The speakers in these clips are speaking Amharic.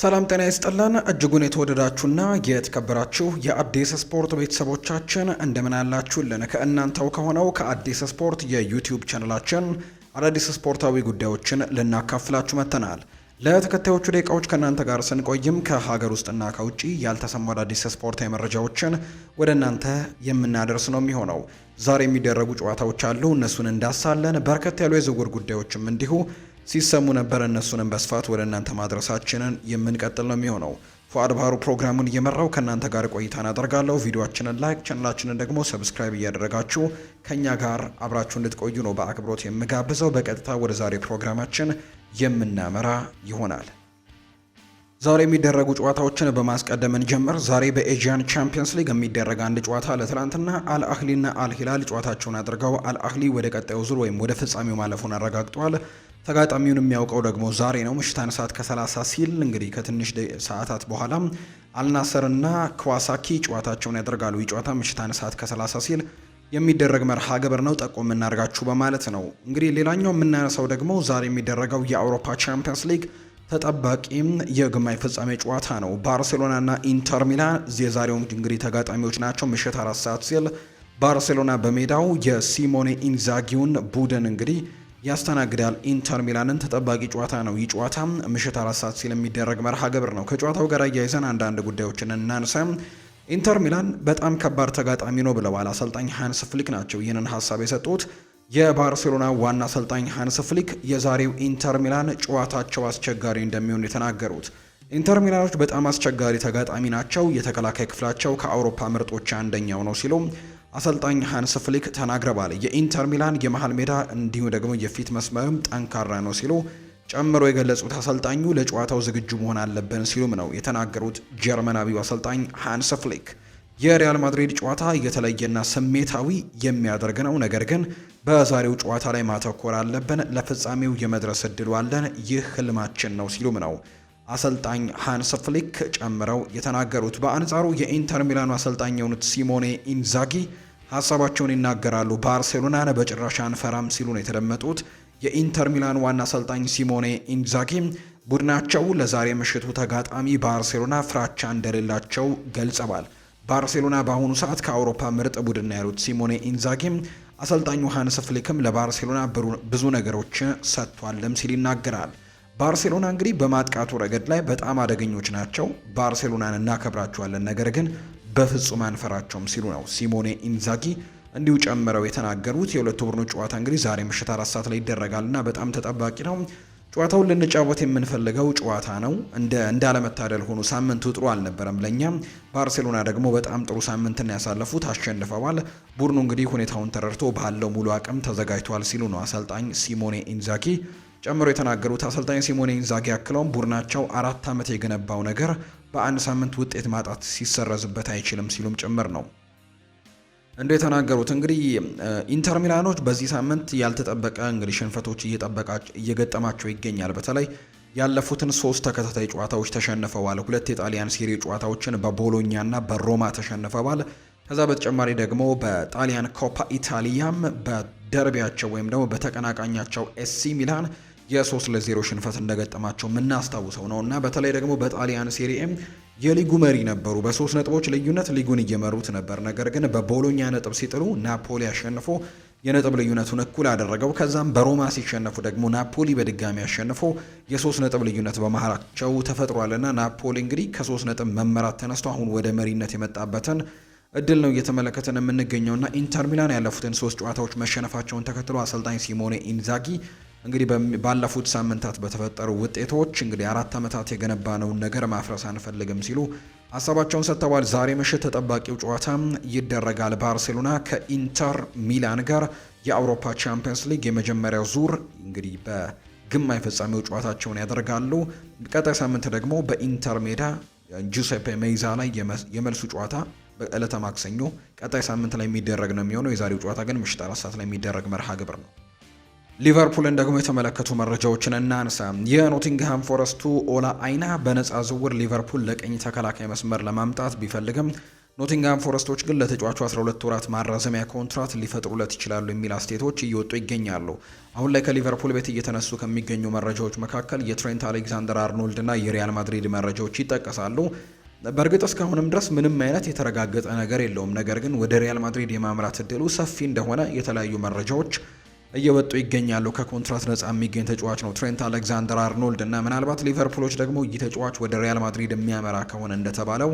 ሰላም ጤና ይስጥልን እጅጉን የተወደዳችሁና የተከበራችሁ የአዲስ ስፖርት ቤተሰቦቻችን እንደምን አላችሁልን? ከእናንተው ከሆነው ከአዲስ ስፖርት የዩቲዩብ ቻነላችን አዳዲስ ስፖርታዊ ጉዳዮችን ልናካፍላችሁ መጥተናል። ለተከታዮቹ ደቂቃዎች ከእናንተ ጋር ስንቆይም ከሀገር ውስጥና ከውጭ ያልተሰሙ አዳዲስ ስፖርታዊ መረጃዎችን ወደ እናንተ የምናደርስ ነው የሚሆነው። ዛሬ የሚደረጉ ጨዋታዎች አሉ፣ እነሱን እንዳሳለን። በርከት ያሉ የዝውውር ጉዳዮችም እንዲሁ ሲሰሙ ነበር። እነሱንም በስፋት ወደ እናንተ ማድረሳችንን የምንቀጥል ነው የሚሆነው። ፏድ ባህሩ ፕሮግራሙን እየመራው ከእናንተ ጋር ቆይታን አደርጋለሁ። ቪዲዮችንን ላይክ፣ ቻናላችንን ደግሞ ሰብስክራይብ እያደረጋችሁ ከእኛ ጋር አብራችሁ እንድትቆዩ ነው በአክብሮት የምጋብዘው። በቀጥታ ወደ ዛሬ ፕሮግራማችን የምናመራ ይሆናል። ዛሬ የሚደረጉ ጨዋታዎችን በማስቀደም ጀምር ዛሬ በኤዥያን ቻምፒየንስ ሊግ የሚደረግ አንድ ጨዋታ ለትናንትና አልአህሊና አልሂላል ጨዋታቸውን አድርገው አልአህሊ ወደ ቀጣዩ ዙር ወይም ወደ ፍጻሜው ማለፉን አረጋግጧል። ተጋጣሚውን የሚያውቀው ደግሞ ዛሬ ነው ምሽት አንድ ሰዓት ከ30 ሲል እንግዲህ ከትንሽ ሰዓታት በኋላ አልናሰርና ክዋሳኪ ጨዋታቸውን ያደርጋሉ። ይህ ጨዋታ ምሽት አንድ ሰዓት ከ30 ሲል የሚደረግ መርሃ ግብር ነው። ጠቆም እናደርጋችሁ በማለት ነው። እንግዲህ ሌላኛው የምናነሳው ደግሞ ዛሬ የሚደረገው የአውሮፓ ቻምፒየንስ ሊግ ተጠባቂም የግማሽ ፍጻሜ ጨዋታ ነው። ባርሴሎናና ኢንተር ሚላን የዛሬውም እንግዲህ ተጋጣሚዎች ናቸው። ምሽት አራት ሰዓት ሲል ባርሴሎና በሜዳው የሲሞኔ ኢንዛጊውን ቡድን እንግዲህ ያስተናግዳል። ኢንተር ሚላንን ተጠባቂ ጨዋታ ነው። ይህ ጨዋታ ምሽት አራት ሰዓት ሲል የሚደረግ መርሃ ግብር ነው። ከጨዋታው ጋር አያይዘን አንዳንድ ጉዳዮችን እናንሳ። ኢንተር ሚላን በጣም ከባድ ተጋጣሚ ነው ብለዋል አሰልጣኝ ሃንስ ፍሊክ ናቸው ይህንን ሀሳብ የሰጡት። የባርሴሎና ዋና አሰልጣኝ ሃንስ ፍሊክ የዛሬው ኢንተር ሚላን ጨዋታቸው አስቸጋሪ እንደሚሆን የተናገሩት ኢንተር ሚላኖች በጣም አስቸጋሪ ተጋጣሚ ናቸው፣ የተከላካይ ክፍላቸው ከአውሮፓ ምርጦች አንደኛው ነው ሲሉ አሰልጣኝ ሃንስ ፍሊክ ተናግረዋል። የኢንተር ሚላን የመሀል ሜዳ እንዲሁ ደግሞ የፊት መስመርም ጠንካራ ነው ሲሉ ጨምሮ የገለጹት አሰልጣኙ ለጨዋታው ዝግጁ መሆን አለብን ሲሉም ነው የተናገሩት። ጀርመናዊው አሰልጣኝ ሃንስ ፍሊክ የሪያል ማድሪድ ጨዋታ የተለየና ስሜታዊ የሚያደርግ ነው፣ ነገር ግን በዛሬው ጨዋታ ላይ ማተኮር አለብን። ለፍጻሜው የመድረስ እድሉ አለን። ይህ ህልማችን ነው ሲሉም ነው አሰልጣኝ ሃንስ ፍሊክ ጨምረው የተናገሩት። በአንጻሩ የኢንተር ሚላኑ አሰልጣኝ የሆኑት ሲሞኔ ኢንዛጊ ሀሳባቸውን ይናገራሉ። ባርሴሎናን በጭራሽ አንፈራም ሲሉ ነው የተደመጡት። የኢንተር ሚላን ዋና አሰልጣኝ ሲሞኔ ኢንዛጊ ቡድናቸው ለዛሬ ምሽቱ ተጋጣሚ ባርሴሎና ፍራቻ እንደሌላቸው ገልጸዋል። ባርሴሎና በአሁኑ ሰዓት ከአውሮፓ ምርጥ ቡድን ያሉት ሲሞኔ ኢንዛጊ አሰልጣኙ ሃንስ ፍሊክም ለባርሴሎና ብዙ ነገሮች ሰጥቷልም ሲል ይናገራል። ባርሴሎና እንግዲህ በማጥቃቱ ረገድ ላይ በጣም አደገኞች ናቸው። ባርሴሎናን እናከብራቸዋለን፣ ነገር ግን በፍጹም አንፈራቸውም ሲሉ ነው ሲሞኔ ኢንዛጊ እንዲሁ ጨምረው የተናገሩት። የሁለቱ ቡድኖች ጨዋታ እንግዲህ ዛሬ ምሽት አራት ሰዓት ላይ ይደረጋል እና በጣም ተጠባቂ ነው። ጨዋታውን ልንጫወት የምንፈልገው ጨዋታ ነው። እንደ እንዳለመታደል ሆኖ ሳምንቱ ጥሩ አልነበረም ለእኛ። ባርሴሎና ደግሞ በጣም ጥሩ ሳምንትን ያሳለፉት አሸንፈዋል። ቡድኑ እንግዲህ ሁኔታውን ተረድቶ ባለው ሙሉ አቅም ተዘጋጅቷል ሲሉ ነው አሰልጣኝ ሲሞኔ ኢንዛጊ ጨምሮ የተናገሩት አሰልጣኝ ሲሞኔ ኢንዛጊ አክለውም ቡድናቸው አራት ዓመት የገነባው ነገር በአንድ ሳምንት ውጤት ማጣት ሲሰረዝበት አይችልም ሲሉም ጭምር ነው እንደ የተናገሩት እንግዲህ ኢንተር ሚላኖች በዚህ ሳምንት ያልተጠበቀ እንግዲህ ሽንፈቶች እየገጠማቸው ይገኛል። በተለይ ያለፉትን ሶስት ተከታታይ ጨዋታዎች ተሸንፈዋል። ሁለት የጣሊያን ሴሪ ጨዋታዎችን በቦሎኛና በሮማ ተሸንፈዋል። ከዛ በተጨማሪ ደግሞ በጣሊያን ኮፓ ኢታሊያም በደርቢያቸው ወይም ደግሞ በተቀናቃኛቸው ኤሲ ሚላን የሶስት ለዜሮ ሽንፈት እንደገጠማቸው የምናስታውሰው ነው እና በተለይ ደግሞ በጣሊያን ሴሪኤም የሊጉ መሪ ነበሩ። በሶስት ነጥቦች ልዩነት ሊጉን እየመሩት ነበር። ነገር ግን በቦሎኛ ነጥብ ሲጥሉ ናፖሊ አሸንፎ የነጥብ ልዩነቱን እኩል አደረገው። ከዛም በሮማ ሲሸነፉ ደግሞ ናፖሊ በድጋሚ አሸንፎ የሶስት ነጥብ ልዩነት በመሀላቸው ተፈጥሯልና ናፖሊ እንግዲህ ከሶስት ነጥብ መመራት ተነስቶ አሁን ወደ መሪነት የመጣበትን እድል ነው እየተመለከተን የምንገኘውና ኢንተር ሚላን ያለፉትን ሶስት ጨዋታዎች መሸነፋቸውን ተከትሎ አሰልጣኝ ሲሞኔ ኢንዛጊ እንግዲህ ባለፉት ሳምንታት በተፈጠሩ ውጤቶች እንግዲህ አራት ዓመታት የገነባነውን ነገር ማፍረስ አንፈልግም ሲሉ ሀሳባቸውን ሰጥተዋል። ዛሬ ምሽት ተጠባቂው ጨዋታ ይደረጋል። ባርሴሎና ከኢንተር ሚላን ጋር የአውሮፓ ቻምፒየንስ ሊግ የመጀመሪያው ዙር እንግዲህ በግማሽ ፍጻሜው ጨዋታቸውን ያደርጋሉ። ቀጣይ ሳምንት ደግሞ በኢንተር ሜዳ ጁሴፔ ሜይዛ ላይ የመልሱ ጨዋታ በዕለተ ማክሰኞ ቀጣይ ሳምንት ላይ የሚደረግ ነው የሚሆነው። የዛሬው ጨዋታ ግን ምሽት አራት ሰዓት ላይ የሚደረግ መርሃ ግብር ነው። ሊቨርፑልን ደግሞ የተመለከቱ መረጃዎችን እናንሳ። የኖቲንግሃም ፎረስቱ ኦላ አይና በነፃ ዝውውር ሊቨርፑል ለቀኝ ተከላካይ መስመር ለማምጣት ቢፈልግም ኖቲንግሃም ፎረስቶች ግን ለተጫዋቹ 12 ወራት ማራዘሚያ ኮንትራት ሊፈጥሩለት ይችላሉ የሚል አስተያየቶች እየወጡ ይገኛሉ። አሁን ላይ ከሊቨርፑል ቤት እየተነሱ ከሚገኙ መረጃዎች መካከል የትሬንት አሌክዛንደር አርኖልድ እና የሪያል ማድሪድ መረጃዎች ይጠቀሳሉ። በእርግጥ እስካሁንም ድረስ ምንም አይነት የተረጋገጠ ነገር የለውም። ነገር ግን ወደ ሪያል ማድሪድ የማምራት እድሉ ሰፊ እንደሆነ የተለያዩ መረጃዎች እየወጡ ይገኛሉ። ከኮንትራት ነጻ የሚገኝ ተጫዋች ነው ትሬንት አሌክዛንደር አርኖልድ እና ምናልባት ሊቨርፑሎች ደግሞ ይህ ተጫዋች ወደ ሪያል ማድሪድ የሚያመራ ከሆነ እንደተባለው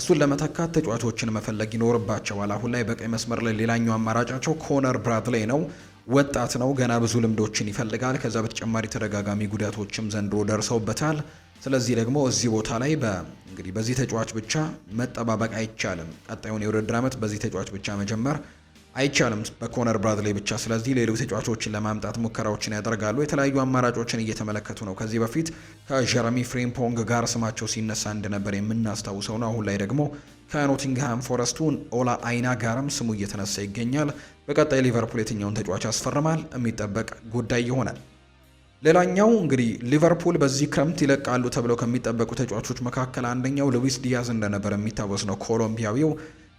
እሱን ለመተካት ተጫዋቾችን መፈለግ ይኖርባቸዋል። አሁን ላይ በቀኝ መስመር ላይ ሌላኛው አማራጫቸው ኮነር ብራድሌይ ነው። ወጣት ነው፣ ገና ብዙ ልምዶችን ይፈልጋል። ከዛ በተጨማሪ ተደጋጋሚ ጉዳቶችም ዘንድሮ ደርሰውበታል። ስለዚህ ደግሞ እዚህ ቦታ ላይ በእንግዲህ በዚህ ተጫዋች ብቻ መጠባበቅ አይቻልም። ቀጣዩን የውድድር ዓመት በዚህ ተጫዋች ብቻ መጀመር አይቻልም በኮነር ብራድሌይ ብቻ። ስለዚህ ሌሎች ተጫዋቾችን ለማምጣት ሙከራዎችን ያደርጋሉ። የተለያዩ አማራጮችን እየተመለከቱ ነው። ከዚህ በፊት ከጀረሚ ፍሬምፖንግ ጋር ስማቸው ሲነሳ እንደነበር የምናስታውሰው ነው። አሁን ላይ ደግሞ ከኖቲንግሃም ፎረስቱን ኦላ አይና ጋርም ስሙ እየተነሳ ይገኛል። በቀጣይ ሊቨርፑል የትኛውን ተጫዋች ያስፈርማል የሚጠበቅ ጉዳይ ይሆናል። ሌላኛው እንግዲህ ሊቨርፑል በዚህ ክረምት ይለቃሉ ተብለው ከሚጠበቁ ተጫዋቾች መካከል አንደኛው ሉዊስ ዲያዝ እንደነበር የሚታወስ ነው ኮሎምቢያዊው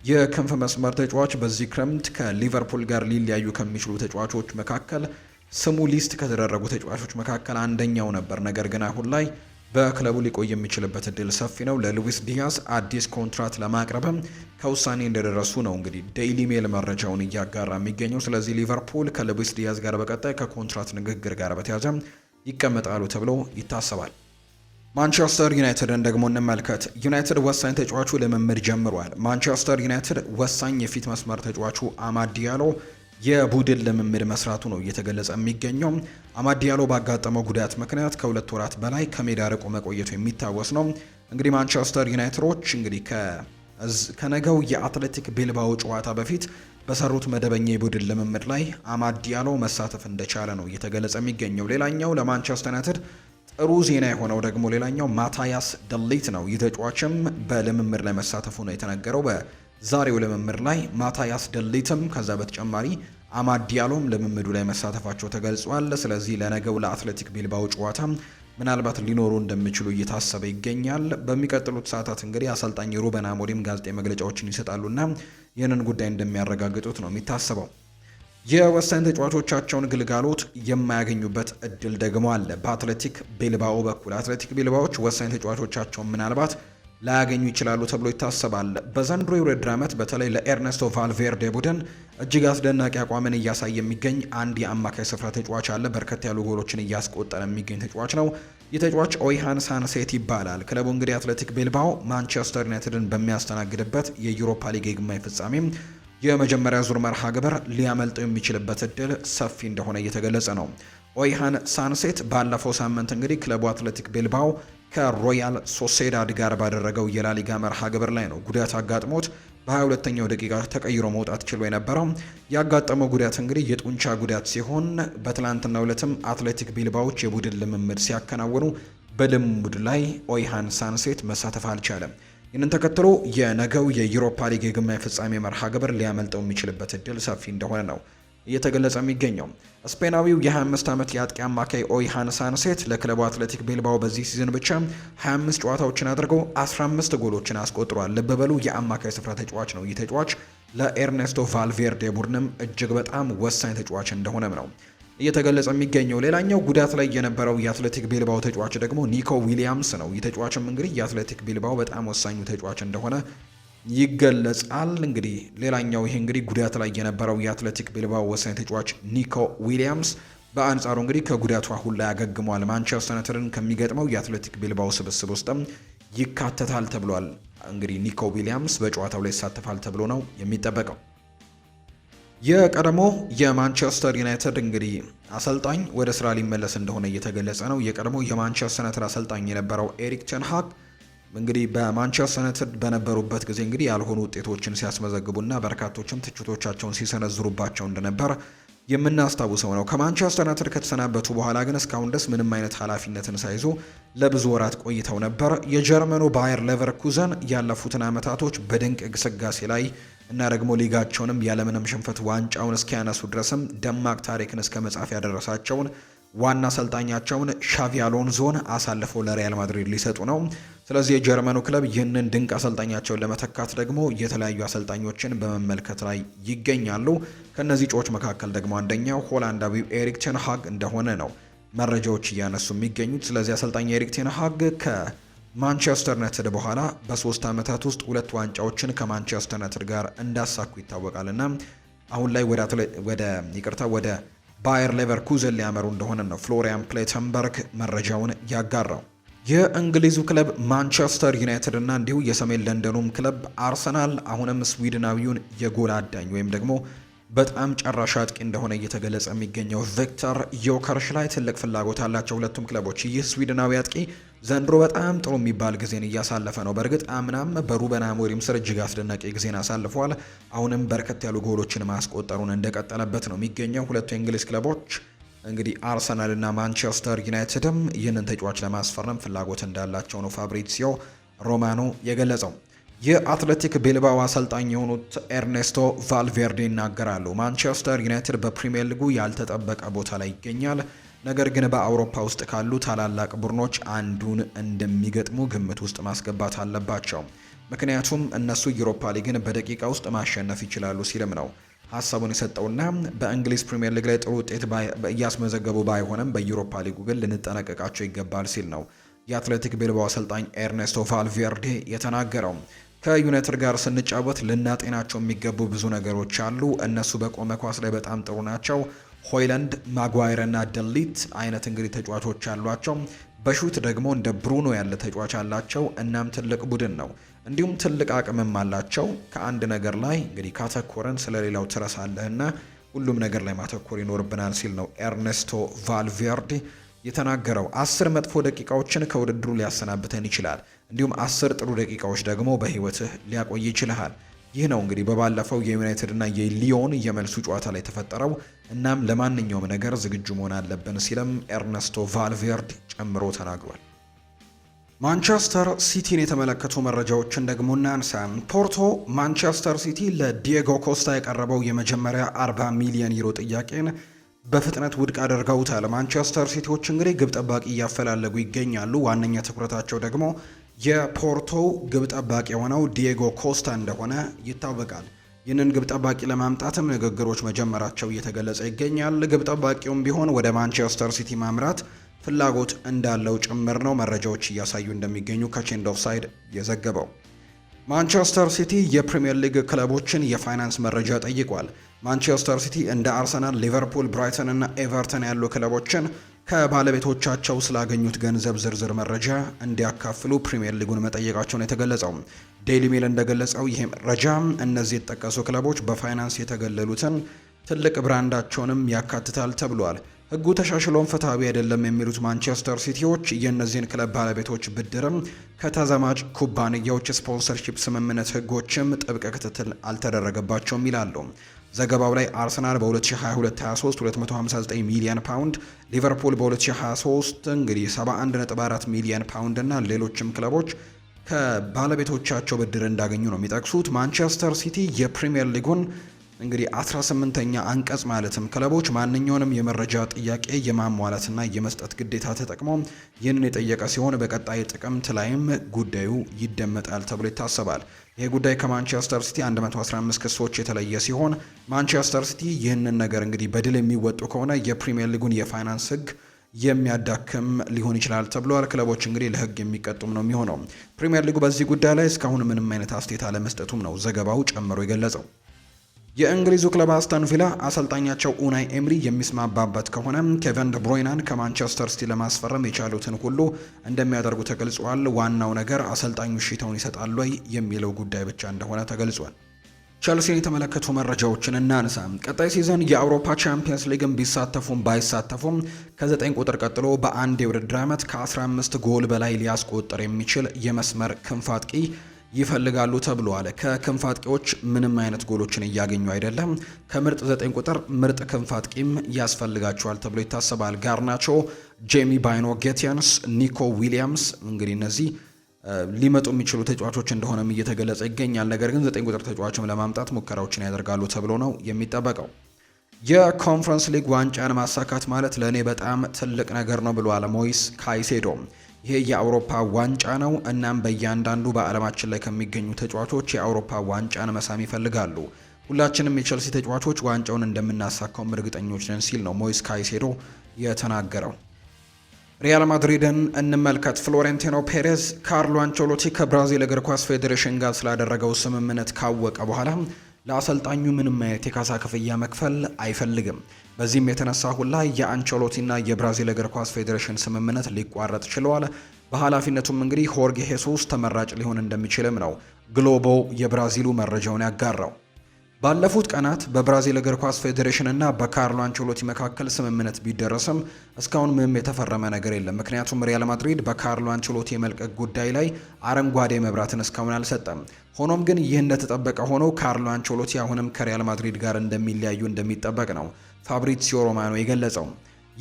የክንፍ መስመር ተጫዋች በዚህ ክረምት ከሊቨርፑል ጋር ሊለያዩ ከሚችሉ ተጫዋቾች መካከል ስሙ ሊስት ከተደረጉ ተጫዋቾች መካከል አንደኛው ነበር። ነገር ግን አሁን ላይ በክለቡ ሊቆይ የሚችልበት እድል ሰፊ ነው። ለሉዊስ ዲያስ አዲስ ኮንትራት ለማቅረብም ከውሳኔ እንደደረሱ ነው እንግዲህ ዴይሊ ሜል መረጃውን እያጋራ የሚገኘው። ስለዚህ ሊቨርፑል ከሉዊስ ዲያስ ጋር በቀጣይ ከኮንትራት ንግግር ጋር በተያያዘ ይቀመጣሉ ተብሎ ይታሰባል። ማንቸስተር ዩናይትድን ደግሞ እንመልከት። ዩናይትድ ወሳኝ ተጫዋቹ ልምምድ ጀምሯል። ማንቸስተር ዩናይትድ ወሳኝ የፊት መስመር ተጫዋቹ አማዲ ያለው የቡድን ልምምድ መስራቱ ነው እየተገለጸ የሚገኘው። አማዲያሎ ባጋጠመው ጉዳት ምክንያት ከሁለት ወራት በላይ ከሜዳ ርቆ መቆየቱ የሚታወስ ነው። እንግዲህ ማንቸስተር ዩናይትዶች እንግዲህ ከነገው የአትሌቲክ ቤልባው ጨዋታ በፊት በሰሩት መደበኛ የቡድን ልምምድ ላይ አማዲያሎ መሳተፍ እንደቻለ ነው እየተገለጸ የሚገኘው። ሌላኛው ለማንቸስተር ዩናይትድ ጥሩ ዜና የሆነው ደግሞ ሌላኛው ማታያስ ደሊት ነው። ይህ ተጫዋችም በልምምድ ላይ መሳተፉ ነው የተነገረው በዛሬው ልምምድ ላይ። ማታያስ ደሊትም ከዛ በተጨማሪ አማዲያሎም ዲያሎም ልምምዱ ላይ መሳተፋቸው ተገልጿል። ስለዚህ ለነገው ለአትሌቲክ ቢልባው ጨዋታ ምናልባት ሊኖሩ እንደሚችሉ እየታሰበ ይገኛል። በሚቀጥሉት ሰዓታት እንግዲህ አሰልጣኝ ሩበን አሞሪም ጋዜጣዊ መግለጫዎችን ይሰጣሉና ይህንን ጉዳይ እንደሚያረጋግጡት ነው የሚታሰበው። የወሳኝ ተጫዋቾቻቸውን ግልጋሎት የማያገኙበት እድል ደግሞ አለ። በአትሌቲክ ቢልባኦ በኩል አትሌቲክ ቢልባዎች ወሳኝ ተጫዋቾቻቸውን ምናልባት ላያገኙ ይችላሉ ተብሎ ይታሰባል። በዘንድሮ የውድድር ዓመት በተለይ ለኤርነስቶ ቫልቬርዴ ቡድን እጅግ አስደናቂ አቋምን እያሳየ የሚገኝ አንድ የአማካይ ስፍራ ተጫዋች አለ። በርከት ያሉ ጎሎችን እያስቆጠረ የሚገኝ ተጫዋች ነው። ይህ ተጫዋች ኦይሃን ሳንሴት ይባላል። ክለቡ እንግዲህ አትሌቲክ ቤልባው ማንቸስተር ዩናይትድን በሚያስተናግድበት የዩሮፓ ሊግ የግማሽ ፍጻሜም የመጀመሪያ ዙር መርሃ ግብር ሊያመልጠው የሚችልበት እድል ሰፊ እንደሆነ እየተገለጸ ነው። ኦይሃን ሳንሴት ባለፈው ሳምንት እንግዲህ ክለቡ አትሌቲክ ቤልባው ከሮያል ሶሴዳድ ጋር ባደረገው የላሊጋ መርሃ ግብር ላይ ነው ጉዳት አጋጥሞት በ22ኛው ደቂቃ ተቀይሮ መውጣት ችሎ የነበረው። ያጋጠመው ጉዳት እንግዲህ የጡንቻ ጉዳት ሲሆን በትላንትና ዕለትም አትሌቲክ ቤልባዎች የቡድን ልምምድ ሲያከናውኑ በልምምድ ላይ ኦይሃን ሳንሴት መሳተፍ አልቻለም። ይህንን ተከትሎ የነገው የዩሮፓ ሊግ የግማሽ ፍጻሜ መርሃ ግብር ሊያመልጠው የሚችልበት እድል ሰፊ እንደሆነ ነው እየተገለጸ የሚገኘው። ስፔናዊው የ25 ዓመት የአጥቂ አማካይ ኦይ ሃንሳን ሴት ለክለቡ አትሌቲክ ቤልባው በዚህ ሲዝን ብቻ 25 ጨዋታዎችን አድርገው 15 ጎሎችን አስቆጥሯል። ልብ በሉ የአማካይ ስፍራ ተጫዋች ነው። ይህ ተጫዋች ለኤርኔስቶ ቫልቬርዴ ቡድንም እጅግ በጣም ወሳኝ ተጫዋች እንደሆነም ነው እየተገለጸ የሚገኘው። ሌላኛው ጉዳት ላይ የነበረው የአትሌቲክ ቢልባው ተጫዋች ደግሞ ኒኮ ዊሊያምስ ነው። ይህ ተጫዋችም እንግዲህ የአትሌቲክ ቢልባው በጣም ወሳኙ ተጫዋች እንደሆነ ይገለጻል። እንግዲህ ሌላኛው ይሄ እንግዲህ ጉዳት ላይ የነበረው የአትሌቲክ ቢልባው ወሳኝ ተጫዋች ኒኮ ዊሊያምስ በአንጻሩ እንግዲህ ከጉዳቱ አሁን ላይ ያገግሟል። ማንቸስተር ዩናይትድን ከሚገጥመው የአትሌቲክ ቢልባው ስብስብ ውስጥም ይካተታል ተብሏል። እንግዲህ ኒኮ ዊሊያምስ በጨዋታው ላይ ይሳተፋል ተብሎ ነው የሚጠበቀው። የቀድሞ የማንቸስተር ዩናይትድ እንግዲህ አሰልጣኝ ወደ ስራ ሊመለስ እንደሆነ እየተገለጸ ነው። የቀድሞ የማንቸስተር ዩናይትድ አሰልጣኝ የነበረው ኤሪክ ቴንሃግ እንግዲህ በማንቸስተር ዩናይትድ በነበሩበት ጊዜ እንግዲህ ያልሆኑ ውጤቶችን ሲያስመዘግቡና በርካቶችም ትችቶቻቸውን ሲሰነዝሩባቸው እንደነበር የምናስታውሰው ነው። ከማንቸስተር ዩናይትድ ከተሰናበቱ በኋላ ግን እስካሁን ድረስ ምንም አይነት ኃላፊነትን ሳይዙ ለብዙ ወራት ቆይተው ነበር። የጀርመኑ ባየር ሌቨርኩዘን ያለፉትን ዓመታቶች በድንቅ ግስጋሴ ላይ እና ደግሞ ሊጋቸውንም ያለምንም ሽንፈት ዋንጫውን እስኪያነሱ ድረስም ደማቅ ታሪክን እስከ መጻፍ ያደረሳቸውን ዋና አሰልጣኛቸውን ሻቪ አሎንዞን አሳልፈው ለሪያል ማድሪድ ሊሰጡ ነው። ስለዚህ የጀርመኑ ክለብ ይህንን ድንቅ አሰልጣኛቸውን ለመተካት ደግሞ የተለያዩ አሰልጣኞችን በመመልከት ላይ ይገኛሉ። ከእነዚህ ጮች መካከል ደግሞ አንደኛው ሆላንዳዊው ኤሪክ ቴንሃግ እንደሆነ ነው መረጃዎች እያነሱ የሚገኙት። ስለዚህ አሰልጣኝ ኤሪክ ቴንሃግ ከ ማንቸስተር ዩናይትድ በኋላ በሶስት ዓመታት ውስጥ ሁለት ዋንጫዎችን ከማንቸስተር ዩናይትድ ጋር እንዳሳኩ ይታወቃል እና አሁን ላይ ወደ ይቅርታ ወደ ባየር ሌቨርኩዘን ሊያመሩ እንደሆነ ነው ፍሎሪያን ፕሌተንበርግ መረጃውን ያጋራው። የእንግሊዙ ክለብ ማንቸስተር ዩናይትድ እና እንዲሁ የሰሜን ለንደኑም ክለብ አርሰናል አሁንም ስዊድናዊውን የጎል አዳኝ ወይም ደግሞ በጣም ጨራሽ አጥቂ እንደሆነ እየተገለጸ የሚገኘው ቪክተር ዮከርሽ ላይ ትልቅ ፍላጎት አላቸው ሁለቱም ክለቦች። ይህ ስዊድናዊ አጥቂ ዘንድሮ በጣም ጥሩ የሚባል ጊዜን እያሳለፈ ነው። በእርግጥ አምናም በሩበን አሞሪም ስር እጅግ አስደናቂ ጊዜን አሳልፏል። አሁንም በርከት ያሉ ጎሎችን ማስቆጠሩን እንደቀጠለበት ነው የሚገኘው። ሁለቱ የእንግሊዝ ክለቦች እንግዲህ አርሰናል እና ማንቸስተር ዩናይትድም ይህንን ተጫዋች ለማስፈረም ፍላጎት እንዳላቸው ነው ፋብሪሲዮ ሮማኖ የገለጸው። የአትሌቲክ ቢልባው አሰልጣኝ የሆኑት ኤርኔስቶ ቫልቬርዴ ይናገራሉ። ማንቸስተር ዩናይትድ በፕሪምየር ሊጉ ያልተጠበቀ ቦታ ላይ ይገኛል፣ ነገር ግን በአውሮፓ ውስጥ ካሉ ታላላቅ ቡድኖች አንዱን እንደሚገጥሙ ግምት ውስጥ ማስገባት አለባቸው፣ ምክንያቱም እነሱ ዩሮፓ ሊግን በደቂቃ ውስጥ ማሸነፍ ይችላሉ ሲልም ነው ሀሳቡን የሰጠውና በእንግሊዝ ፕሪምየር ሊግ ላይ ጥሩ ውጤት እያስመዘገቡ ባይሆንም በዩሮፓ ሊጉ ግን ልንጠነቀቃቸው ይገባል ሲል ነው የአትሌቲክ ቢልባው አሰልጣኝ ኤርኔስቶ ቫልቬርዴ የተናገረው። ከዩናይትድ ጋር ስንጫወት ልናጤናቸው የሚገቡ ብዙ ነገሮች አሉ። እነሱ በቆመ ኳስ ላይ በጣም ጥሩ ናቸው። ሆይላንድ፣ ማጓይር እና ደሊት አይነት እንግዲህ ተጫዋቾች አሏቸው። በሹት ደግሞ እንደ ብሩኖ ያለ ተጫዋች አላቸው። እናም ትልቅ ቡድን ነው፣ እንዲሁም ትልቅ አቅምም አላቸው። ከአንድ ነገር ላይ እንግዲህ ካተኮረን ስለሌላው ትረሳለህና ሁሉም ነገር ላይ ማተኮር ይኖርብናል ሲል ነው ኤርኔስቶ ቫልቬርዲ የተናገረው። አስር መጥፎ ደቂቃዎችን ከውድድሩ ሊያሰናብተን ይችላል እንዲሁም አስር ጥሩ ደቂቃዎች ደግሞ በህይወትህ ሊያቆይ ይችልሃል። ይህ ነው እንግዲህ በባለፈው የዩናይትድ እና የሊዮን የመልሱ ጨዋታ ላይ ተፈጠረው። እናም ለማንኛውም ነገር ዝግጁ መሆን አለብን ሲልም ኤርነስቶ ቫልቬርድ ጨምሮ ተናግሯል። ማንቸስተር ሲቲን የተመለከቱ መረጃዎችን ደግሞ እናንሳ። ፖርቶ ማንቸስተር ሲቲ ለዲየጎ ኮስታ የቀረበው የመጀመሪያ 40 ሚሊዮን ዩሮ ጥያቄን በፍጥነት ውድቅ አድርገውታል። ማንቸስተር ሲቲዎች እንግዲህ ግብ ጠባቂ እያፈላለጉ ይገኛሉ። ዋነኛ ትኩረታቸው ደግሞ የፖርቶ ግብ ጠባቂ የሆነው ዲየጎ ኮስታ እንደሆነ ይታወቃል። ይህንን ግብ ጠባቂ ለማምጣትም ንግግሮች መጀመራቸው እየተገለጸ ይገኛል። ግብ ጠባቂውም ቢሆን ወደ ማንቸስተር ሲቲ ማምራት ፍላጎት እንዳለው ጭምር ነው መረጃዎች እያሳዩ እንደሚገኙ ከቼንድ ኦፍ ሳይድ የዘገበው። ማንቸስተር ሲቲ የፕሪምየር ሊግ ክለቦችን የፋይናንስ መረጃ ጠይቋል። ማንቸስተር ሲቲ እንደ አርሰናል፣ ሊቨርፑል፣ ብራይተን እና ኤቨርተን ያሉ ክለቦችን ከባለቤቶቻቸው ስላገኙት ገንዘብ ዝርዝር መረጃ እንዲያካፍሉ ፕሪምየር ሊጉን መጠየቃቸውን የተገለጸው ዴይሊ ሜል እንደገለጸው ይህ መረጃ እነዚህ የተጠቀሱ ክለቦች በፋይናንስ የተገለሉትን ትልቅ ብራንዳቸውንም ያካትታል ተብሏል። ህጉ ተሻሽሎም ፍትሐዊ አይደለም የሚሉት ማንቸስተር ሲቲዎች የእነዚህን ክለብ ባለቤቶች ብድርም ከተዘማጭ ኩባንያዎች ስፖንሰርሺፕ ስምምነት ህጎችም ጥብቅ ክትትል አልተደረገባቸውም ይላሉ። ዘገባው ላይ አርሰናል በ2022/23 259 ሚሊዮን ፓውንድ፣ ሊቨርፑል በ2023 እንግዲህ 71.4 ሚሊዮን ፓውንድ እና ሌሎችም ክለቦች ከባለቤቶቻቸው ብድር እንዳገኙ ነው የሚጠቅሱት። ማንቸስተር ሲቲ የፕሪምየር ሊጉን እንግዲህ 18ኛ አንቀጽ ማለትም ክለቦች ማንኛውንም የመረጃ ጥያቄ የማሟላትና የመስጠት ግዴታ ተጠቅሞ ይህንን የጠየቀ ሲሆን በቀጣይ ጥቅምት ላይም ጉዳዩ ይደመጣል ተብሎ ይታሰባል። ይህ ጉዳይ ከማንቸስተር ሲቲ 115 ክሶች የተለየ ሲሆን ማንቸስተር ሲቲ ይህንን ነገር እንግዲህ በድል የሚወጡ ከሆነ የፕሪምየር ሊጉን የፋይናንስ ህግ የሚያዳክም ሊሆን ይችላል ተብሏል። ክለቦች እንግዲህ ለህግ የሚቀጡም ነው የሚሆነው። ፕሪምየር ሊጉ በዚህ ጉዳይ ላይ እስካሁን ምንም አይነት አስተያየት አለመስጠቱም ነው ዘገባው ጨምሮ የገለጸው። የእንግሊዙ ክለብ አስተን ቪላ አሰልጣኛቸው ኡናይ ኤምሪ የሚስማማበት ከሆነ ኬቨን ደብሮይናን ከማንቸስተር ሲቲ ለማስፈረም የቻሉትን ሁሉ እንደሚያደርጉ ተገልጿል። ዋናው ነገር አሰልጣኙ ሽታውን ይሰጣሉ ወይ የሚለው ጉዳይ ብቻ እንደሆነ ተገልጿል። ቸልሲን የተመለከቱ መረጃዎችን እናንሳ። ቀጣይ ሲዘን የአውሮፓ ቻምፒየንስ ሊግን ቢሳተፉም ባይሳተፉም ከ9 ቁጥር ቀጥሎ በአንድ የውድድር ዓመት ከ15 ጎል በላይ ሊያስቆጠር የሚችል የመስመር ክንፍ አጥቂ ይፈልጋሉ ተብሏል። ከክንፍ አጥቂዎች ምንም አይነት ጎሎችን እያገኙ አይደለም። ከምርጥ ዘጠኝ ቁጥር ምርጥ ክንፍ አጥቂም ያስፈልጋቸዋል ተብሎ ይታሰባል። ጋርናቾ፣ ጄሚ ባይኖ ጌቲያንስ፣ ኒኮ ዊሊያምስ እንግዲህ እነዚህ ሊመጡ የሚችሉ ተጫዋቾች እንደሆነም እየተገለጸ ይገኛል። ነገር ግን ዘጠኝ ቁጥር ተጫዋችም ለማምጣት ሙከራዎችን ያደርጋሉ ተብሎ ነው የሚጠበቀው። የኮንፈረንስ ሊግ ዋንጫን ማሳካት ማለት ለእኔ በጣም ትልቅ ነገር ነው ብሏል ሞይስ ካይሴዶ። ይህ የአውሮፓ ዋንጫ ነው። እናም በእያንዳንዱ በዓለማችን ላይ ከሚገኙ ተጫዋቾች የአውሮፓ ዋንጫን መሳም ይፈልጋሉ። ሁላችንም የቸልሲ ተጫዋቾች ዋንጫውን እንደምናሳካውም እርግጠኞች ነን ሲል ነው ሞይስ ካይሴዶ የተናገረው። ሪያል ማድሪድን እንመልከት። ፍሎሬንቲኖ ፔሬዝ ካርሎ አንቸሎቲ ከብራዚል እግር ኳስ ፌዴሬሽን ጋር ስላደረገው ስምምነት ካወቀ በኋላ ለአሰልጣኙ ምንም አይነት የካሳ ክፍያ መክፈል አይፈልግም። በዚህም የተነሳ ሁላ የአንቸሎቲና የብራዚል እግር ኳስ ፌዴሬሽን ስምምነት ሊቋረጥ ችሏል። በኃላፊነቱም እንግዲህ ሆርጌ ሄሱስ ተመራጭ ሊሆን እንደሚችልም ነው ግሎቦ የብራዚሉ መረጃውን ያጋራው። ባለፉት ቀናት በብራዚል እግር ኳስ ፌዴሬሽን እና በካርሎ አንቸሎቲ መካከል ስምምነት ቢደረስም እስካሁን ምንም የተፈረመ ነገር የለም። ምክንያቱም ሪያል ማድሪድ በካርሎ አንቸሎቲ የመልቀቅ ጉዳይ ላይ አረንጓዴ መብራትን እስካሁን አልሰጠም። ሆኖም ግን ይህ እንደተጠበቀ ሆኖ ካርሎ አንቸሎቲ አሁንም ከሪያል ማድሪድ ጋር እንደሚለያዩ እንደሚጠበቅ ነው ፋብሪሲዮ ሮማኖ የገለጸው።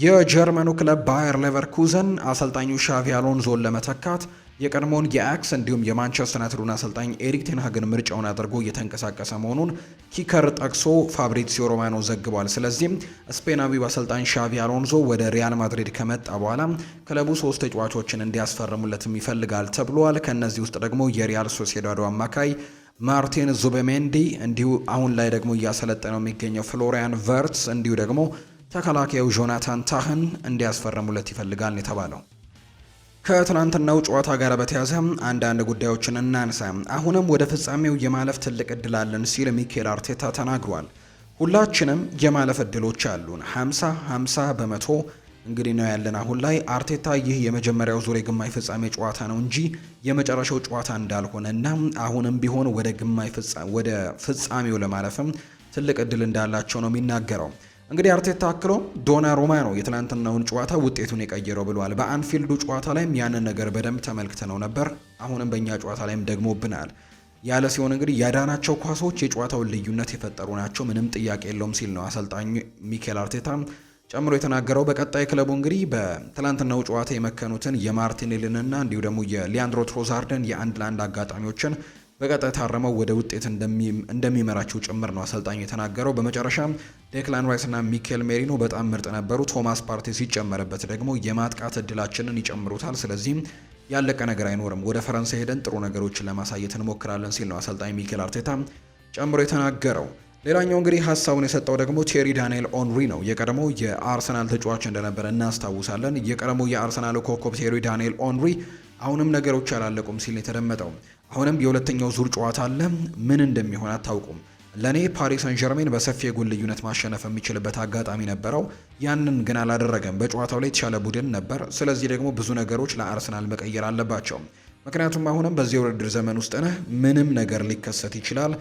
የጀርመኑ ክለብ ባየር ሌቨርኩዘን አሰልጣኙ ሻቪ አሎንዞን ለመተካት የቀድሞውን የአክስ እንዲሁም የማንቸስተር ዩናይትዱን አሰልጣኝ ኤሪክ ቴንሃግን ምርጫውን አድርጎ እየተንቀሳቀሰ መሆኑን ኪከር ጠቅሶ ፋብሪሲዮ ሮማኖ ዘግቧል። ስለዚህም ስፔናዊው አሰልጣኝ ሻቪ አሎንዞ ወደ ሪያል ማድሪድ ከመጣ በኋላ ክለቡ ሶስት ተጫዋቾችን እንዲያስፈርሙለትም ይፈልጋል ተብሏል። ከእነዚህ ውስጥ ደግሞ የሪያል ሶሴዳዶ አማካይ ማርቲን ዙቤሜንዲ እንዲሁ አሁን ላይ ደግሞ እያሰለጠነው የሚገኘው ፍሎሪያን ቨርትስ እንዲሁ ደግሞ ተከላካዩ ጆናታን ታህን እንዲያስፈርሙለት ይፈልጋል የተባለው ከትናንትናው ጨዋታ ጋር በተያዘ አንዳንድ ጉዳዮችን እናንሳ። አሁንም ወደ ፍጻሜው የማለፍ ትልቅ እድል አለን ሲል ሚኬል አርቴታ ተናግሯል። ሁላችንም የማለፍ እድሎች አሉን። 50 50 በመቶ እንግዲህ ነው ያለን አሁን ላይ። አርቴታ ይህ የመጀመሪያው ዙር የግማሽ ፍጻሜ ጨዋታ ነው እንጂ የመጨረሻው ጨዋታ እንዳልሆነ እና አሁንም ቢሆን ወደ ግማሽ ወደ ፍጻሜው ለማለፍም ትልቅ እድል እንዳላቸው ነው የሚናገረው። እንግዲህ አርቴታ አክሎ ሮማ ነው የትናንትናውን ጨዋታ ውጤቱን የቀየረው ብሏል። በአንፊልዱ ጨዋታ ላይም ያንን ነገር በደንብ ነው ነበር። አሁንም በእኛ ጨዋታ ላይም ደግሞብናል ያለ ሲሆን እንግዲህ ያዳናቸው ኳሶች የጨዋታውን ልዩነት የፈጠሩ ናቸው፣ ምንም ጥያቄ የለውም ሲል ነው አሰልጣኝ ሚኬል አርቴታ ጨምሮ የተናገረው። በቀጣይ ክለቡ እንግዲህ በትላንትናው ጨዋታ የመከኑትን የማርቲኔሊንና እንዲሁ ደግሞ የሊያንድሮ ትሮዛርደን የአንድ ለአንድ አጋጣሚዎችን በቀጣይ ታረመው ወደ ውጤት እንደሚመራቸው ጭምር ነው አሰልጣኙ የተናገረው። በመጨረሻም ዴክላን እና ሚኬል ሜሪኖ በጣም ምርጥ ነበሩ። ቶማስ ፓርቲ ሲጨመርበት ደግሞ የማጥቃት እድላችንን ይጨምሩታል። ስለዚህም ያለቀ ነገር አይኖርም። ወደ ፈረንሳይ ሄደን ጥሩ ነገሮችን ለማሳየት እንሞክራለን ሲል ነው አሰልጣኝ ሚኬል አርቴታ ጨምሮ የተናገረው። ሌላኛው እንግዲህ ሀሳቡን የሰጠው ደግሞ ቴሪ ዳንኤል ኦንሪ ነው። የቀድሞ የአርሰናል ተጫዋች እንደነበረ እናስታውሳለን። የቀድሞ የአርሰናል ኮከብ ቴሪ ዳንኤል ኦንሪ አሁንም ነገሮች አላለቁም ሲል የተደመጠው አሁንም የሁለተኛው ዙር ጨዋታ አለ። ምን እንደሚሆን አታውቁም። ለእኔ ፓሪስ ሰን ዠርሜን በሰፊ የጎል ልዩነት ማሸነፍ የሚችልበት አጋጣሚ ነበረው። ያንን ግን አላደረገም። በጨዋታው ላይ የተሻለ ቡድን ነበር። ስለዚህ ደግሞ ብዙ ነገሮች ለአርሰናል መቀየር አለባቸው። ምክንያቱም አሁንም በዚህ ውድድር ዘመን ውስጥ ነህ፣ ምንም ነገር ሊከሰት ይችላል።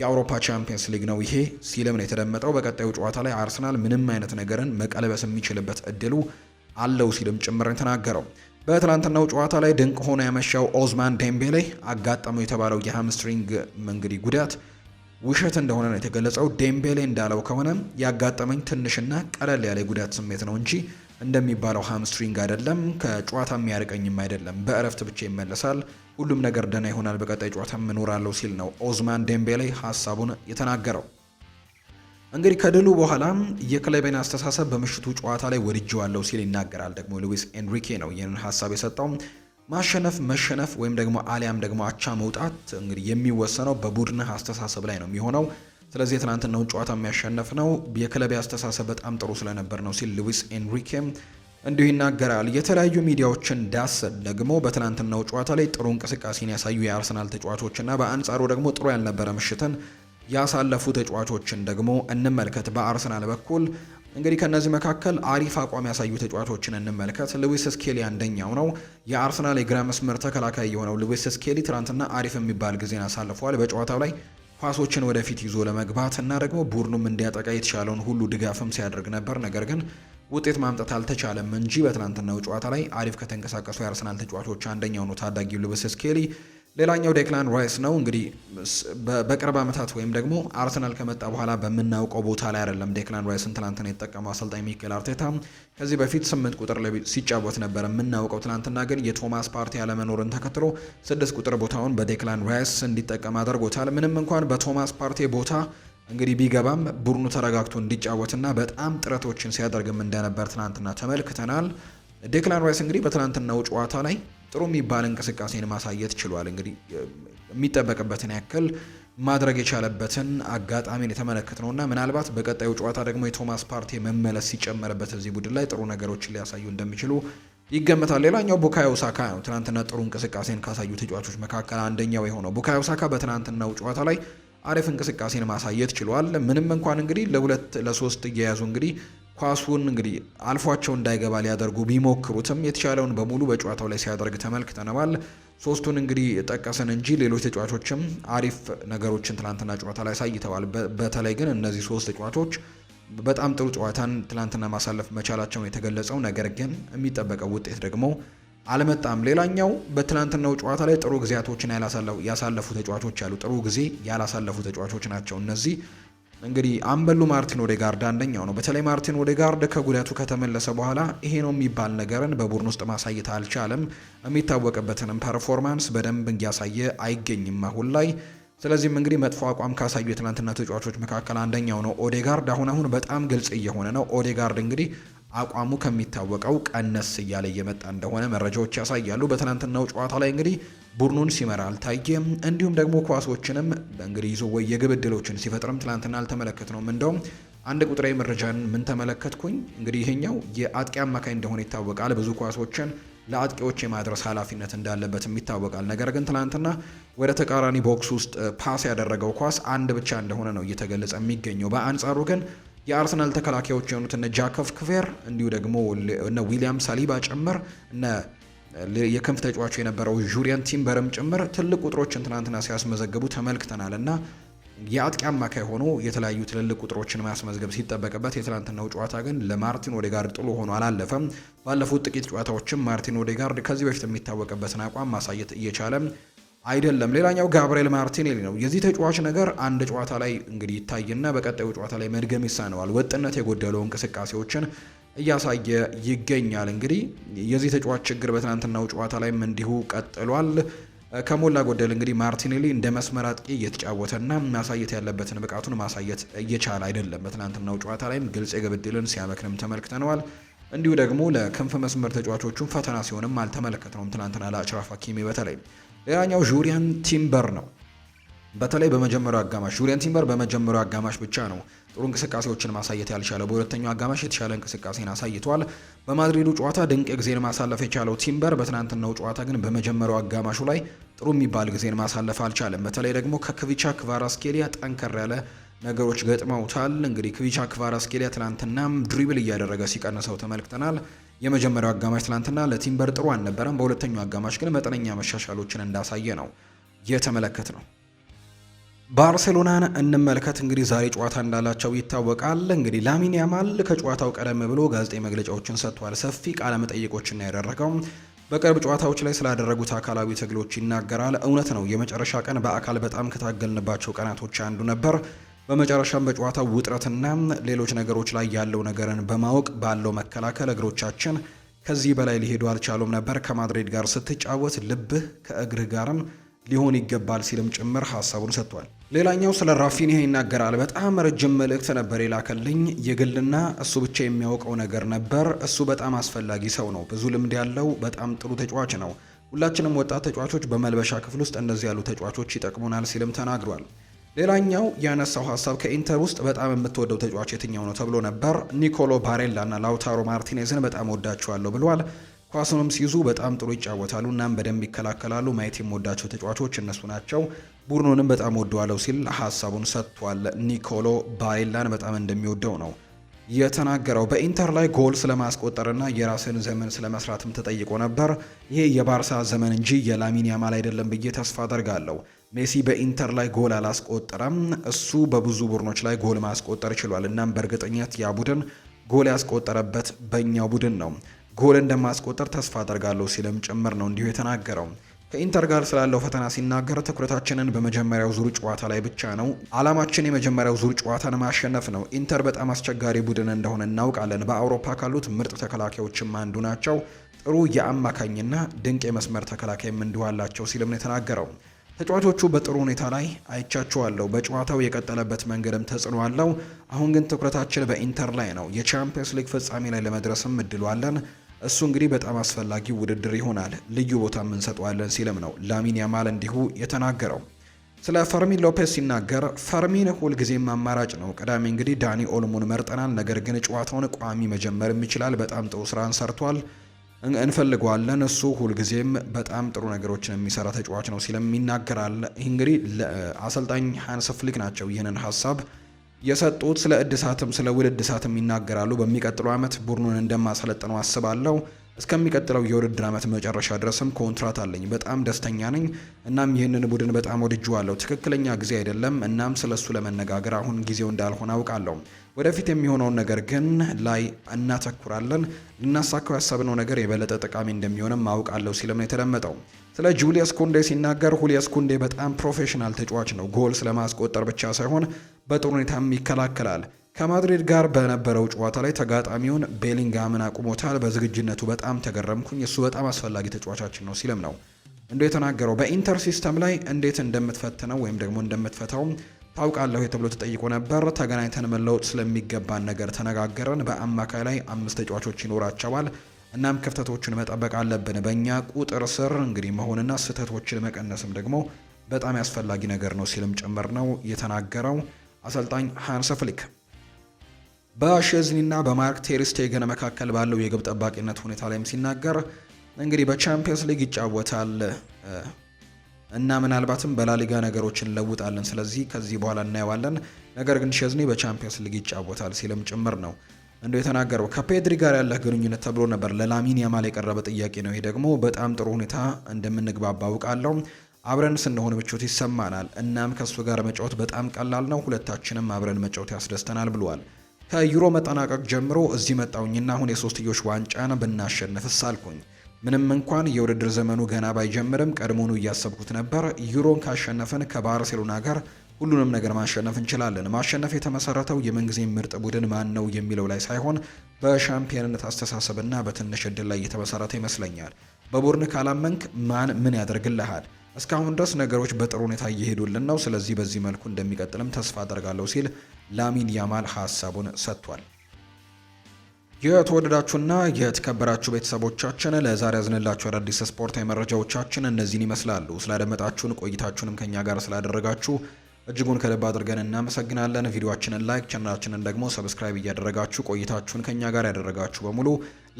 የአውሮፓ ቻምፒየንስ ሊግ ነው ይሄ ሲልም ነው የተደመጠው። በቀጣዩ ጨዋታ ላይ አርሰናል ምንም አይነት ነገርን መቀለበስ የሚችልበት እድሉ አለው ሲልም ጭምር የተናገረው በትናንትናው ጨዋታ ላይ ድንቅ ሆኖ ያመሻው ኦዝማን ዴምቤሌ አጋጠመው የተባለው የሃምስትሪንግ እንግዲህ ጉዳት ውሸት እንደሆነ ነው የተገለጸው። ዴምቤሌ እንዳለው ከሆነ ያጋጠመኝ ትንሽና ቀለል ያለ ጉዳት ስሜት ነው እንጂ እንደሚባለው ሃምስትሪንግ አይደለም፣ ከጨዋታ የሚያርቀኝም አይደለም። በእረፍት ብቻ ይመለሳል፣ ሁሉም ነገር ደህና ይሆናል፣ በቀጣይ ጨዋታ እኖራለሁ ሲል ነው ኦዝማን ዴምቤሌ ሀሳቡን የተናገረው። እንግዲህ ከድሉ በኋላም የክለቤን አስተሳሰብ በምሽቱ ጨዋታ ላይ ወድጄዋለሁ ሲል ይናገራል። ደግሞ ሉዊስ ኤንሪኬ ነው ይህንን ሀሳብ የሰጠው። ማሸነፍ መሸነፍ ወይም ደግሞ አሊያም ደግሞ አቻ መውጣት እንግዲህ የሚወሰነው በቡድንህ አስተሳሰብ ላይ ነው የሚሆነው። ስለዚህ የትናንትናውን ጨዋታ የሚያሸነፍ ነው የክለቤ አስተሳሰብ በጣም ጥሩ ስለነበር ነው ሲል ሉዊስ ኤንሪኬ እንዲሁ ይናገራል። የተለያዩ ሚዲያዎችን ዳስ ደግሞ በትናንትናው ጨዋታ ላይ ጥሩ እንቅስቃሴን ያሳዩ የአርሰናል ተጫዋቾችና በአንጻሩ ደግሞ ጥሩ ያልነበረ ምሽትን ያሳለፉ ተጫዋቾችን ደግሞ እንመልከት። በአርሰናል በኩል እንግዲህ ከእነዚህ መካከል አሪፍ አቋም ያሳዩ ተጫዋቾችን እንመልከት። ልዊስ ስኬሊ አንደኛው ነው። የአርሰናል የግራ መስመር ተከላካይ የሆነው ልዊስ ስኬሊ ትናንትና አሪፍ የሚባል ጊዜን አሳልፏል። በጨዋታው ላይ ኳሶችን ወደፊት ይዞ ለመግባት እና ደግሞ ቡድኑም እንዲያጠቃ የተቻለውን ሁሉ ድጋፍም ሲያደርግ ነበር። ነገር ግን ውጤት ማምጣት አልተቻለም እንጂ በትናንትናው ጨዋታ ላይ አሪፍ ከተንቀሳቀሱ የአርሰናል ተጫዋቾች አንደኛው ነው ታዳጊው ሉዊስ ስኬሊ። ሌላኛው ዴክላን ራይስ ነው። እንግዲህ በቅርብ ዓመታት ወይም ደግሞ አርሰናል ከመጣ በኋላ በምናውቀው ቦታ ላይ አይደለም ዴክላን ራይስን ትላንትና የተጠቀመው አሰልጣኝ ሚኬል አርቴታ። ከዚህ በፊት ስምንት ቁጥር ሲጫወት ነበር የምናውቀው። ትናንትና ግን የቶማስ ፓርቲ አለመኖርን ተከትሎ ስድስት ቁጥር ቦታውን በዴክላን ራይስ እንዲጠቀም አድርጎታል። ምንም እንኳን በቶማስ ፓርቲ ቦታ እንግዲህ ቢገባም ቡድኑ ተረጋግቶ እንዲጫወትና በጣም ጥረቶችን ሲያደርግም እንደነበር ትናንትና ተመልክተናል። ዴክላን ራይስ እንግዲህ በትናንትናው ጨዋታ ላይ ጥሩ የሚባል እንቅስቃሴን ማሳየት ችሏል። እንግዲህ የሚጠበቅበትን ያክል ማድረግ የቻለበትን አጋጣሚን የተመለከት እና ምናልባት በቀጣዩ ጨዋታ ደግሞ የቶማስ ፓርቴ መመለስ ሲጨመርበት እዚህ ቡድን ላይ ጥሩ ነገሮችን ሊያሳዩ እንደሚችሉ ይገመታል። ሌላኛው ቡካዮ ሳካ ነው። ትናንትና ጥሩ እንቅስቃሴን ካሳዩ ተጫዋቾች መካከል አንደኛው የሆነው ቡካዮ ሳካ በትናንትናው ጨዋታ ላይ አሪፍ እንቅስቃሴን ማሳየት ችሏል። ምንም እንኳን እንግዲህ ለሁለት ለሶስት እየያዙ እንግዲህ ኳሱን እንግዲህ አልፏቸው እንዳይገባ ሊያደርጉ ቢሞክሩትም የተቻለውን በሙሉ በጨዋታው ላይ ሲያደርግ ተመልክተነዋል። ሶስቱን እንግዲህ ጠቀስን እንጂ ሌሎች ተጫዋቾችም አሪፍ ነገሮችን ትላንትና ጨዋታ ላይ አሳይተዋል። በተለይ ግን እነዚህ ሶስት ተጫዋቾች በጣም ጥሩ ጨዋታን ትላንትና ማሳለፍ መቻላቸውን የተገለጸው፣ ነገር ግን የሚጠበቀው ውጤት ደግሞ አልመጣም። ሌላኛው በትላንትናው ጨዋታ ላይ ጥሩ ጊዜያቶችን ያሳለፉ ተጫዋቾች አሉ። ጥሩ ጊዜ ያላሳለፉ ተጫዋቾች ናቸው እነዚህ እንግዲህ አምበሉ ማርቲን ኦዴጋርድ አንደኛው ነው። በተለይ ማርቲን ኦዴጋርድ ከጉዳቱ ከተመለሰ በኋላ ይሄ ነው የሚባል ነገርን በቡድን ውስጥ ማሳየት አልቻለም። የሚታወቅበትንም ፐርፎርማንስ በደንብ እንዲያሳየ አይገኝም አሁን ላይ። ስለዚህም እንግዲህ መጥፎ አቋም ካሳዩ የትናንትና ተጫዋቾች መካከል አንደኛው ነው ኦዴጋርድ። አሁን አሁን በጣም ግልጽ እየሆነ ነው። ኦዴጋርድ እንግዲህ አቋሙ ከሚታወቀው ቀነስ እያለ እየመጣ እንደሆነ መረጃዎች ያሳያሉ። በትናንትናው ጨዋታ ላይ እንግዲህ ቡድኑን ሲመራል ታየም እንዲሁም ደግሞ ኳሶችንም በእንግዲህ ይዞ ወይ የግብ እድሎችን ሲፈጥርም ትላንትና አልተመለከትነውም። እንደውም አንድ ቁጥራዊ መረጃን ምን ተመለከትኩኝ እንግዲህ ይሄኛው የአጥቂ አማካኝ እንደሆነ ይታወቃል። ብዙ ኳሶችን ለአጥቂዎች የማድረስ ኃላፊነት እንዳለበትም ይታወቃል። ነገር ግን ትላንትና ወደ ተቃራኒ ቦክስ ውስጥ ፓስ ያደረገው ኳስ አንድ ብቻ እንደሆነ ነው እየተገለጸ የሚገኘው። በአንጻሩ ግን የአርሰናል ተከላካዮች የሆኑት እነ ጃኮቭ ክቬር እንዲሁ ደግሞ እነ ዊሊያም ሳሊባ ጭምር እነ የክንፍ ተጫዋቹ የነበረው ዡሪየን ቲምበርም ጭምር ትልቅ ቁጥሮችን ትናንትና ሲያስመዘግቡ ተመልክተናል እና የአጥቂ አማካይ ሆኖ የተለያዩ ትልልቅ ቁጥሮችን ማስመዝገብ ሲጠበቅበት የትላንትናው ጨዋታ ግን ለማርቲን ኦዴጋርድ ጥሎ ሆኖ አላለፈም። ባለፉት ጥቂት ጨዋታዎችም ማርቲን ኦዴጋርድ ከዚህ በፊት የሚታወቅበትን አቋም ማሳየት እየቻለ አይደለም። ሌላኛው ጋብርኤል ማርቲኔሊ ነው። የዚህ ተጫዋች ነገር አንድ ጨዋታ ላይ እንግዲህ ይታይና በቀጣዩ ጨዋታ ላይ መድገም ይሳነዋል። ወጥነት የጎደለው እንቅስቃሴዎችን እያሳየ ይገኛል። እንግዲህ የዚህ ተጫዋች ችግር በትናንትናው ጨዋታ ላይም እንዲሁ ቀጥሏል። ከሞላ ጎደል እንግዲህ ማርቲኔሊ እንደ መስመር አጥቂ እየተጫወተና ማሳየት ያለበትን ብቃቱን ማሳየት እየቻለ አይደለም። በትናንትናው ጨዋታ ላይም ግልጽ የግብ ዕድልን ሲያመክንም ተመልክተነዋል። እንዲሁ ደግሞ ለክንፍ መስመር ተጫዋቾቹም ፈተና ሲሆንም አልተመለከትነውም ትናንትና ለአችራፍ ሀኪሚ በተለይ። ሌላኛው ጁሪያን ቲምበር ነው። በተለይ በመጀመሪያው አጋማሽ ጁሪያን ቲምበር በመጀመሪያው አጋማሽ ብቻ ነው ጥሩ እንቅስቃሴዎችን ማሳየት ያልቻለ በሁለተኛው አጋማሽ የተሻለ እንቅስቃሴን አሳይቷል። በማድሪዱ ጨዋታ ድንቅ ጊዜን ማሳለፍ የቻለው ቲምበር በትናንትናው ጨዋታ ግን በመጀመሪያው አጋማሹ ላይ ጥሩ የሚባል ጊዜን ማሳለፍ አልቻለም። በተለይ ደግሞ ከክቪቻ ክቫራስኬሊያ ጠንከር ያለ ነገሮች ገጥመውታል። እንግዲህ ክቪቻ ክቫራስኬሊያ ትናንትና ድሪብል እያደረገ ሲቀንሰው ተመልክተናል። የመጀመሪያው አጋማሽ ትናንትና ለቲምበር ጥሩ አልነበረም። በሁለተኛው አጋማሽ ግን መጠነኛ መሻሻሎችን እንዳሳየ ነው የተመለከት ነው። ባርሴሎናን እንመልከት። እንግዲህ ዛሬ ጨዋታ እንዳላቸው ይታወቃል። እንግዲህ ላሚን ያማል ከጨዋታው ቀደም ብሎ ጋዜጣዊ መግለጫዎችን ሰጥቷል። ሰፊ ቃለ መጠይቆችን ያደረገው በቅርብ ጨዋታዎች ላይ ስላደረጉት አካላዊ ትግሎች ይናገራል። እውነት ነው የመጨረሻ ቀን በአካል በጣም ከታገልንባቸው ቀናቶች አንዱ ነበር። በመጨረሻም በጨዋታው ውጥረትና ሌሎች ነገሮች ላይ ያለው ነገርን በማወቅ ባለው መከላከል እግሮቻችን ከዚህ በላይ ሊሄዱ አልቻሉም ነበር። ከማድሪድ ጋር ስትጫወት ልብህ ከእግርህ ጋርም ሊሆን ይገባል ሲልም ጭምር ሀሳቡን ሰጥቷል። ሌላኛው ስለ ራፊኒያ ይናገራል። በጣም ረጅም መልእክት ነበር የላከልኝ። የግልና እሱ ብቻ የሚያውቀው ነገር ነበር። እሱ በጣም አስፈላጊ ሰው ነው፣ ብዙ ልምድ ያለው በጣም ጥሩ ተጫዋች ነው። ሁላችንም ወጣት ተጫዋቾች በመልበሻ ክፍል ውስጥ እንደዚህ ያሉ ተጫዋቾች ይጠቅሙናል ሲልም ተናግሯል። ሌላኛው ያነሳው ሀሳብ ከኢንተር ውስጥ በጣም የምትወደው ተጫዋች የትኛው ነው ተብሎ ነበር። ኒኮሎ ባሬላ እና ላውታሮ ማርቲኔዝን በጣም ወዳቸዋለሁ ብሏል። ኳስንም ሲይዙ በጣም ጥሩ ይጫወታሉ፣ እናም በደንብ ይከላከላሉ። ማየት የምወዳቸው ተጫዋቾች እነሱ ናቸው፣ ቡድኑንም በጣም ወደዋለው ሲል ሀሳቡን ሰጥቷል። ኒኮሎ ባይላን በጣም እንደሚወደው ነው የተናገረው። በኢንተር ላይ ጎል ስለማስቆጠርና የራስን ዘመን ስለመስራትም ተጠይቆ ነበር። ይሄ የባርሳ ዘመን እንጂ የላሚን ያማል አይደለም ብዬ ተስፋ አደርጋለሁ። ሜሲ በኢንተር ላይ ጎል አላስቆጠረም። እሱ በብዙ ቡድኖች ላይ ጎል ማስቆጠር ችሏል። እናም በእርግጠኛት ያ ቡድን ጎል ያስቆጠረበት በእኛው ቡድን ነው። ጎል እንደማስቆጠር ተስፋ አደርጋለሁ ሲልም ጭምር ነው እንዲሁ የተናገረው። ከኢንተር ጋር ስላለው ፈተና ሲናገር ትኩረታችንን በመጀመሪያው ዙር ጨዋታ ላይ ብቻ ነው። አላማችን የመጀመሪያው ዙር ጨዋታን ማሸነፍ ነው። ኢንተር በጣም አስቸጋሪ ቡድን እንደሆነ እናውቃለን። በአውሮፓ ካሉት ምርጥ ተከላካዮችም አንዱ ናቸው። ጥሩ የአማካኝና ድንቅ የመስመር ተከላካይም እንዲሁ አላቸው ሲልም ነው የተናገረው። ተጫዋቾቹ በጥሩ ሁኔታ ላይ አይቻቸዋለሁ። በጨዋታው የቀጠለበት መንገድም ተጽዕኖ አለው። አሁን ግን ትኩረታችን በኢንተር ላይ ነው። የቻምፒየንስ ሊግ ፍጻሜ ላይ ለመድረስም እድሉ አለን። እሱ እንግዲህ በጣም አስፈላጊ ውድድር ይሆናል፣ ልዩ ቦታ እንሰጠዋለን ሲልም ነው ላሚን ያማል እንዲሁ የተናገረው። ስለ ፈርሚን ሎፔስ ሲናገር ፈርሚን ሁልጊዜም አማራጭ ነው። ቅዳሜ እንግዲህ ዳኒ ኦልሞን መርጠናል፣ ነገር ግን ጨዋታውን ቋሚ መጀመርም ይችላል። በጣም ጥሩ ስራን ሰርቷል፣ እንፈልገዋለን። እሱ ሁልጊዜም በጣም ጥሩ ነገሮችን የሚሰራ ተጫዋች ነው ሲልም ይናገራል። ይህ እንግዲህ አሰልጣኝ ሃንስ ፍሊክ ናቸው ይህንን ሀሳብ የሰጡት ስለ እድሳትም ስለ ውል እድሳትም ይናገራሉ። በሚቀጥለው ዓመት ቡድኑን እንደማሰለጥነው አስባለሁ። እስከሚቀጥለው የውድድር ዓመት መጨረሻ ድረስም ኮንትራት አለኝ። በጣም ደስተኛ ነኝ። እናም ይህንን ቡድን በጣም ወድጄዋለሁ። ትክክለኛ ጊዜ አይደለም። እናም ስለ እሱ ለመነጋገር አሁን ጊዜው እንዳልሆነ አውቃለሁ። ወደፊት የሚሆነውን ነገር ግን ላይ እናተኩራለን። ልናሳካው ያሰብነው ነገር የበለጠ ጠቃሚ እንደሚሆንም አውቃለሁ ሲልም ነው የተደመጠው። ስለ ጁልየስ ኩንዴ ሲናገር ሁልየስ ኩንዴ በጣም ፕሮፌሽናል ተጫዋች ነው። ጎል ስለማስቆጠር ብቻ ሳይሆን በጥሩ ሁኔታም ይከላከላል። ከማድሪድ ጋር በነበረው ጨዋታ ላይ ተጋጣሚውን ቤሊንግሃምን አቁሞታል። በዝግጅነቱ በጣም ተገረምኩኝ። እሱ በጣም አስፈላጊ ተጫዋቻችን ነው ሲልም ነው እንደ የተናገረው። በኢንተር ሲስተም ላይ እንዴት እንደምትፈትነው ወይም ደግሞ እንደምትፈታው ታውቃለሁ ተብሎ ተጠይቆ ነበር። ተገናኝተን መለወጥ ስለሚገባን ነገር ተነጋገረን። በአማካይ ላይ አምስት ተጫዋቾች ይኖራቸዋል። እናም ክፍተቶችን መጠበቅ አለብን። በእኛ ቁጥር ስር እንግዲህ መሆንና ስህተቶችን መቀነስም ደግሞ በጣም ያስፈላጊ ነገር ነው ሲልም ጭምር ነው የተናገረው። አሰልጣኝ ሃንስ ፍሊክ። በሼዝኒና በማርክ ቴርስቴገን መካከል ባለው የግብ ጠባቂነት ሁኔታ ላይም ሲናገር እንግዲህ በቻምፒየንስ ሊግ ይጫወታል እና ምናልባትም በላሊጋ ነገሮችን እንለውጣለን፣ ስለዚህ ከዚህ በኋላ እናየዋለን። ነገር ግን ሼዝኒ በቻምፒየንስ ሊግ ይጫወታል ሲልም ጭምር ነው እንደው የተናገረው። ከፔድሪ ጋር ያለህ ግንኙነት ተብሎ ነበር ለላሚን ያማል የቀረበ ጥያቄ ነው። ይህ ደግሞ በጣም ጥሩ ሁኔታ እንደምንግባባ አውቃለሁ አብረን ስንሆን ምቾት ይሰማናል። እናም ከእሱ ጋር መጫወት በጣም ቀላል ነው። ሁለታችንም አብረን መጫወት ያስደስተናል ብሏል። ከዩሮ መጠናቀቅ ጀምሮ እዚህ መጣውኝና አሁን የሶስትዮሽ ዋንጫን ብናሸንፍስ አልኩኝ። ምንም እንኳን የውድድር ዘመኑ ገና ባይጀምርም ቀድሞኑ እያሰብኩት ነበር። ዩሮን ካሸነፍን ከባርሴሎና ጋር ሁሉንም ነገር ማሸነፍ እንችላለን። ማሸነፍ የተመሰረተው የምንጊዜ ምርጥ ቡድን ማን ነው የሚለው ላይ ሳይሆን በሻምፒዮንነት አስተሳሰብና በትንሽ እድል ላይ የተመሰረተ ይመስለኛል። በቡድን ካላመንክ ማን ምን ያደርግልሃል? እስካሁን ድረስ ነገሮች በጥሩ ሁኔታ እየሄዱልን ነው። ስለዚህ በዚህ መልኩ እንደሚቀጥልም ተስፋ አደርጋለሁ ሲል ላሚን ያማል ሀሳቡን ሰጥቷል። የተወደዳችሁና የተከበራችሁ ቤተሰቦቻችን ለዛሬ ያዝንላችሁ አዳዲስ ስፖርታዊ መረጃዎቻችን እነዚህን ይመስላሉ። ስላደመጣችሁን ቆይታችሁንም ከኛ ጋር ስላደረጋችሁ እጅጉን ከልብ አድርገን እናመሰግናለን። ቪዲዮችንን ላይክ፣ ቻናላችንን ደግሞ ሰብስክራይብ እያደረጋችሁ ቆይታችሁን ከኛ ጋር ያደረጋችሁ በሙሉ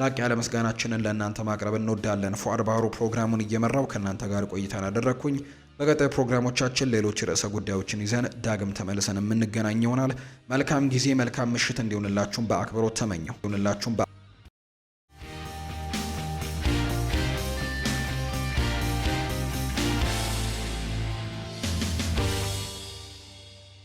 ላቅ ያለ ምስጋናችንን ለእናንተ ማቅረብ እንወዳለን። ፉአድ ባህሩ ፕሮግራሙን እየመራው ከእናንተ ጋር ቆይታን አደረግኩኝ። በቀጣይ ፕሮግራሞቻችን ሌሎች ርዕሰ ጉዳዮችን ይዘን ዳግም ተመልሰን የምንገናኝ ይሆናል። መልካም ጊዜ፣ መልካም ምሽት እንዲሆንላችሁም በአክብሮት ተመኘው።